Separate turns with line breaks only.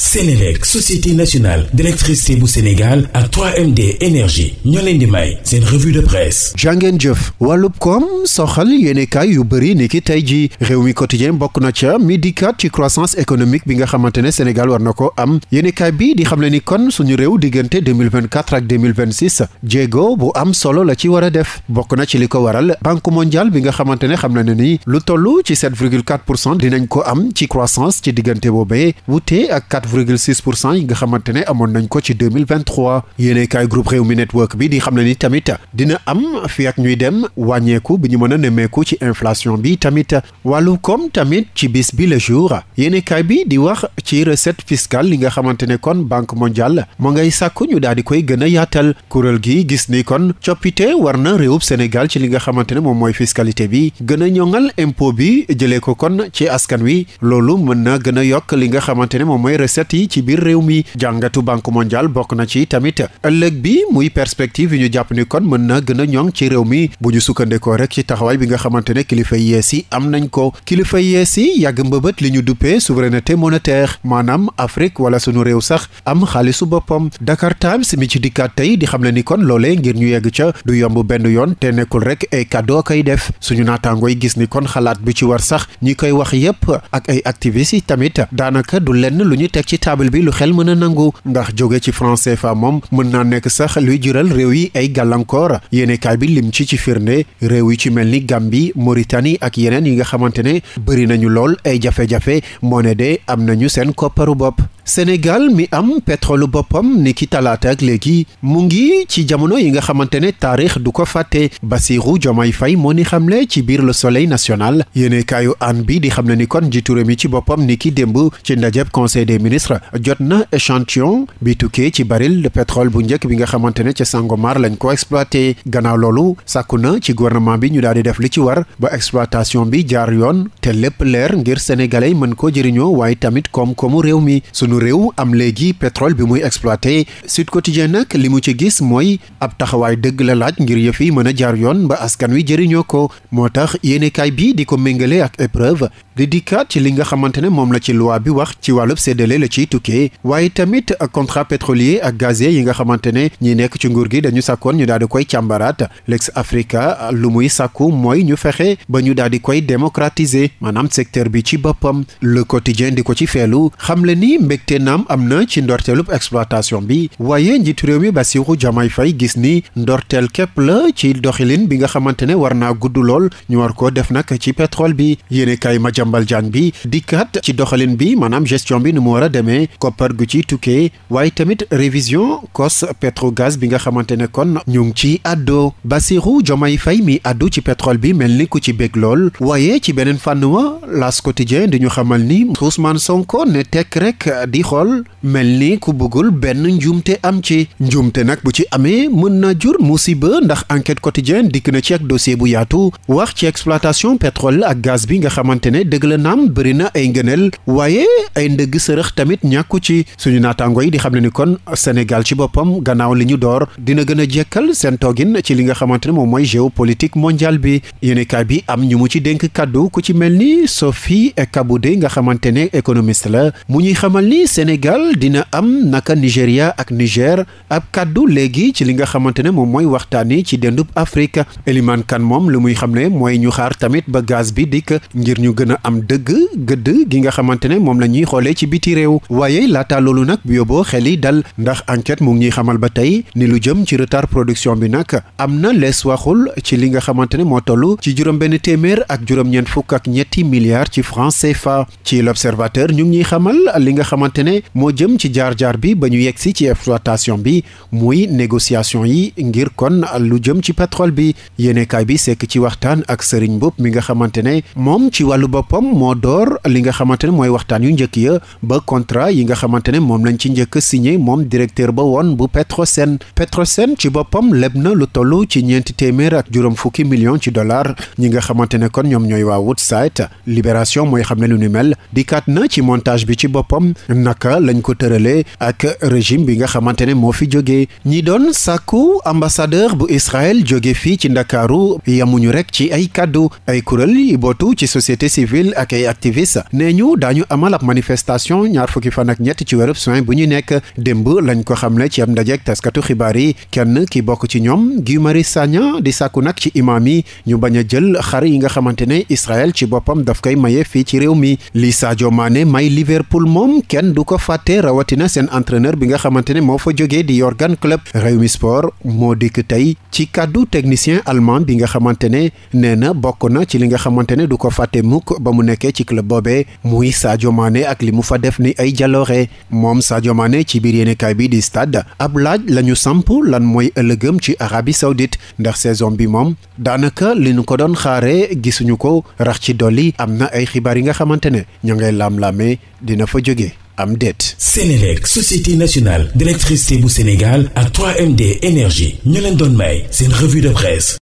Sénélec société nationale d'électricité bu Sénégal ak 3MD énergie ñoo leen di may seen revue de presse jàngeen jëf wàllub koom soxal yéenekaay yu bëri ni ki tey ji réew mi quotidien bokk na ca mi dikkaat ci croissance économique bi nga xamante ne Sénégal war na ko am yéenekaay bi di xam le ni kon suñu réew diggante 2024 ak 2026 jéego bu am solo la ci war a def bokk na ci li ko waral banque mondiale bi nga xamante ne xam na ne ni lu toll ci 7,4 pour cent dinañ ko am ci croissance ci diggante boobee virgule 6 pour cent yi nga xamante ne amoon nañ ko ci 2023 yéene réew mi network bi di xam ne ni tamit dina am fi ñuy dem wàññeeku bi ñu mën a nemmeeku ci inflation bi tamit wàllu koom tamit ci bis bi le jour yéene kaay bi di wax ci recette fiscale li nga xamante ne kon banque mondiale moo ngay sàkku ñu daal di koy gën a yaatal kuréel gi gis ni kon coppite war na réewub Sénégal ci li nga xamante ne moom mooy fiscalité bi gën a ñoŋal impôt bi jëlee ko kon ci askan wi loolu a yokk set yi ci biir réew mi jàngatu banque mondiale bokk na ci tamit ëllëg bi muy perspective yi ñu jàpp ni kon mën na gën a ñoŋ ci réew mi bu ñu sukkandikoo rek ci taxawaay bi nga xamante ne kilifa yees yi am nañ ko kilifa yees yi yàgg mbëbët li ñu duppee souveraineté monétaire maanaam Afrique wala sunu réew sax am xaalisu boppam Dakar Times mi ci dikkaat tey di xam le ni kon loole ngir ñu yegg ca du yomb benn yoon te nekkul rek ay cadeau koy def suñu naataangooy gis ni kon xalaat bi ci war sax ñi koy wax yépp ak ay activistes yi tamit daanaka du teg ci table bi lu xel mën a nangu ndax jóge ci franc CFA moom mën naa nekk sax luy jural réew yi ay gàllankoor yéenekaay bi lim ci ci firnde réew yi ci mel ni Gambie Mauritanie ak yeneen yi nga xamante ne bëri nañu lool ay jafe-jafe moo ne de am nañu seen kopparu bopp Sénégal mi am pétrole boppam ni ki talaata ak léegi mu ngi ci jamono yi nga xamante ne taarix du ko fàtte Bassirou Diomaye fay moo ni xamle ci biir le soleil national yéene kaayu an bi di xamle ni kon jiitu réew mi ci boppam ni ki démb ci ndajeb conseil des ministres jot na échantion bi tukkee ci baril de pétrole bu njëkk bi nga xamante ne ca Sangomar lañ ko exploité gannaaw loolu sàkku na ci gouvernement bi ñu daal di def li ci war ba exploitation bi jaar yoon te lépp leer ngir sénégalais mën ko jëriñoo waaye tamit mi réew am léegi pétrole bi muy exploité Sud Quotidien nag li mu ci gis mooy ab taxawaay dëgg la laaj ngir yëf yi mën a jaar yoon ba askan wi jëriñoo ko moo tax yéenekaay bi di ko méngale ak épreuve di dikkaat ci li nga xamante ne moom la ci loi bi wax ci wàllub séddale la ciy tukkee waaye tamit contrat pétrolier ak gazier yi nga xamante ne ñi nekk ci nguur gi dañu sakkoon ñu daal di koy càmbaraat Lex Africa lu muy sakku mooy ñu fexe ba ñu daal di koy démocratiser maanaam secteur bi ci boppam mbégte naam am na ci ndorteelub exploitation bi waaye njiitu réew mi Bassirou Diomaye Faye gis ni ndorteel képp la ci doxalin bi nga xamante ne war naa gudd lool ñu war ko def nag ci pétrole bi yéene kaay ma jàmbal jaan bi dikkat ci doxalin bi maanaam gestion bi ni mu war a demee koppar gu ci tukkee waaye tamit révision cos pétrogaz bi nga xamante ne kon ñu ngi ci àddoo Bassirou Diomaye fay mi àddu ci pétrole bi mel ni ku ci bég lool waaye ci beneen fànn di xool mel ni ku bëggul benn njuumte am ci njuumte nag bu ci amee mën na jur musiba ndax enquête quotidienne dikk na ci ak dossier bu yaatu wax ci exploitation pétrole ak gaz bi nga xamante ne dëgg la naam bëri na ay ngëneel waaye ay ndëgg sërëx tamit ñàkku ci suñu naataango yi di xam ne ni kon Sénégal ci boppam gannaaw li ñu door dina gën a jekkal seen toogin ci li nga xamante ne moom mooy géopolitique mondiale bi yéenekaay bi am ñu mu ci dénk kàddu ku ci mel ni Sophie Kaboudé nga xamante ne économiste la ni Sénégal dina am naka Nigéria ak Niger ab kàddu léegi ci li nga xamante ne moom mooy waxtaani ci dendub Afrique Eliman moom lu muy xam ne mooy ñu xaar tamit ba gaz bi dikk ngir ñu gën a am dëgg gëdd gi nga xamante ne moom la ñuy xoolee ci biti réew waaye laata loolu nag bu yóbboo xel yi dal ndax enquête mu ngi ñuy xamal ba tey ni lu jëm ci retard production bi nag am na lees waxul ci li nga xamante ne moo toll ci juróom téeméer ak juróom-ñeent ak ñetti milliards ci francs CFA ci l'observateur xamante ne moo jëm ci jaar-jaar bi ba ñu yegsi ci exploitation bi muy négociation yi ngir kon lu jëm ci pétrole bi yéenekaay bi sekk ci waxtaan ak Serigne Mboup mi nga xamante ne moom ci wàllu boppam moo door li nga xamante ne mooy waxtaan yu njëkk ya ba contrat yi nga xamante ne moom lañ ci njëkk signé moom directeur ba woon bu Petrosen Petrosen ci boppam leb na lu toll ci ñeenti téeméer ak juróom fukki million ci dollars ñi nga xamante ne kon ñoom ñooy waawut Woodside Libération mooy xam ne bi ci boppam naka lañ ko tëralee ak régime bi nga xamante ne moo fi jógee ñi doon sàkku ambassadeur bu Israël jóge fii ci ndakaaru yamuñu rek ci ay kàddu ay kuréel yi bootu ci société civile ak ay activistes nee ñu daañu amal ab manifestation ñaar fukki fan ak ñett ci wérub soin bu ñu nekk démb lañ ko xamle ci am ndajeek taskatu xibaar yi kenn ki bokk ci ñoom Guy Marius Sagna di sàkku nag ci imaam yi ñu bañ a jël xar yi nga xamante ne Israël ci boppam daf koy maye fii ci réew mi du ko fàtte rawatina seen entraîneur bi nga xamante ne moo fa jógee di Jürgen Klopp Rewmi Sport moo dikk tey ci kàddu technicien allemand bi nga xamante ne nee na bokk na ci li nga xamante ne du ko fàtte mukk ba mu nekkee ci club boobee muy Sadio Mané ak li mu fa def ni ay jaloore moom Sadio Mané ci biir yéenekaay bi di stade ab laaj la ñu samp lan mooy ëllëgëm ci Arabie Saoudite ndax saison bi moom daanaka li ñu ko doon xaare gisuñu ko rax ci dolli am na ay xibaar yi nga xamante ne ña ngay laam-laamee dina fa jóge am déet. Sénélec société nationale d'électricité bu Sénégal à 3MD énergie ñu leen doon may seen revue de presse.